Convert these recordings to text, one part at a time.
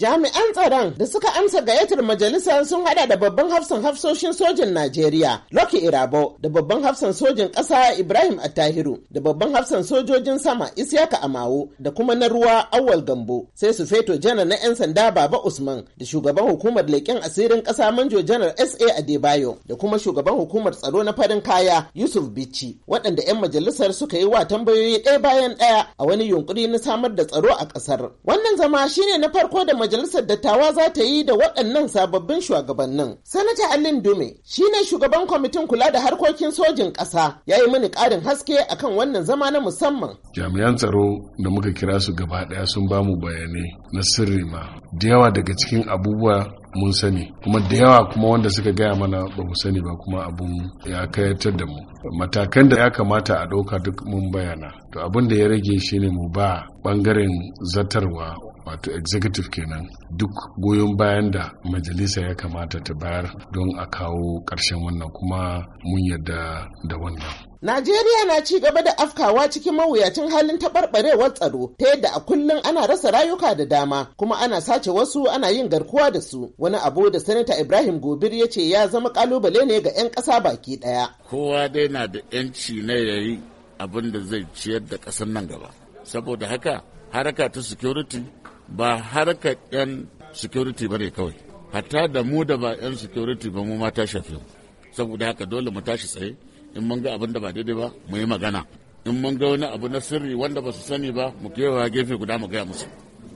Jami'an tsaron da suka amsa gayyatar majalisar sun hada da babban hafsan hafsoshin sojin Najeriya, Loki Irabo, da babban hafsan sojin ƙasa Ibrahim Attahiru, da babban hafsan sojojin sama isyaka Amawo, da kuma na ruwa Awal Gambo. Sai su feto janar na 'yan sanda Baba Usman, da shugaban hukumar leƙen asirin ƙasa Manjo Janar S.A. Adebayo, da kuma shugaban hukumar tsaro na farin kaya Yusuf Bichi, waɗanda 'yan majalisar suka yi wa tambayoyi ɗaya bayan ɗaya a wani yunkuri na samar da tsaro a ƙasar. Wannan zama shine na farko da majalisar dattawa za ta yi da waɗannan sababbin shugabannin. Sanata Alin Dume shi ne shugaban kwamitin kula da harkokin sojin ƙasa ya yi mini ƙarin haske akan wannan zama na musamman. Jami'an tsaro da muka kira su gaba ɗaya sun ba mu bayanai na sirri ma. Da yawa daga cikin abubuwa mun sani kuma da yawa kuma wanda suka gaya mana ba mu sani ba kuma abun ya kayatar da mu matakan da ya kamata a ɗauka duk mun bayana to abin da ya rage shine mu ba ɓangaren zatarwa wato executive kenan duk goyon bayan da majalisa ya kamata ta bayar don a kawo ƙarshen wannan kuma mun yarda da wannan Najeriya na ci gaba da afkawa cikin mawuyacin halin taɓarɓarewar tsaro ta yadda a kullum ana rasa rayuka da dama kuma ana sace wasu ana yin garkuwa da su wani abu da sanata Ibrahim Gobir ya ce ya zama kalubale ne ga 'yan ƙasa baki ɗaya. Kowa dai na da 'yanci na yayi abin da zai ciyar da ƙasar nan gaba. Saboda haka haraka ta security ba harkar 'yan security ba ne kawai hatta da mu da ba 'yan security ba mu ma ta shafe mu saboda haka dole mu tashi tsaye in mun ga abin da ba daidai ba mu yi magana in mun ga wani abu na sirri wanda ba su sani ba mu kewa gefe guda mu gaya musu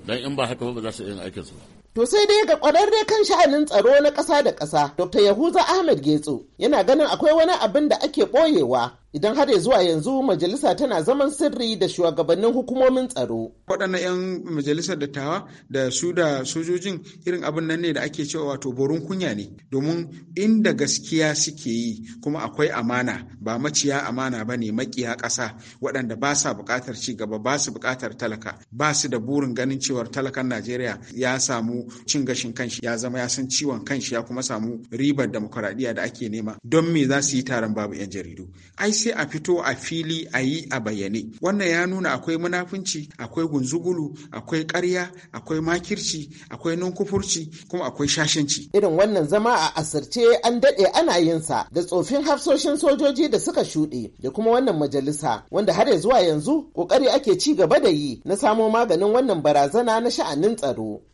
dan in ba haka ba ba za su yin aikinsu ba To sai dai ga kwararre kan sha'anin tsaro na ƙasa da ƙasa, Dr. Yahuza Ahmed Getso yana ganin akwai wani abin da ake ɓoyewa idan har zuwa yanzu majalisa tana zaman sirri da shugabannin hukumomin tsaro. waɗannan 'yan majalisar dattawa da su da sojojin irin abin nan ne da ake cewa wato borun kunya ne domin inda gaskiya suke yi kuma akwai amana ba maciya amana ba ne makiya ƙasa waɗanda ba sa buƙatar ci gaba ba su buƙatar talaka ba su da burin ganin cewar talakan najeriya ya samu cin gashin kanshi ya zama ya san ciwon kanshi ya kuma samu ribar demokuraɗiyya da ake nema don me za su yi taron babu 'yan jaridu ai sai a fito a fili a yi a bayyane wannan ya nuna akwai munafunci akwai gunzugulu akwai ƙarya akwai makirci akwai nunkufurci kuma akwai shashanci irin wannan zama a asirce an daɗe ana yin sa da tsofin hafsoshin sojoji da suka shuɗe da kuma wannan majalisa wanda har ya zuwa yanzu ƙoƙari ake ci gaba da yi na samo maganin wannan barazana na sha'anin tsaro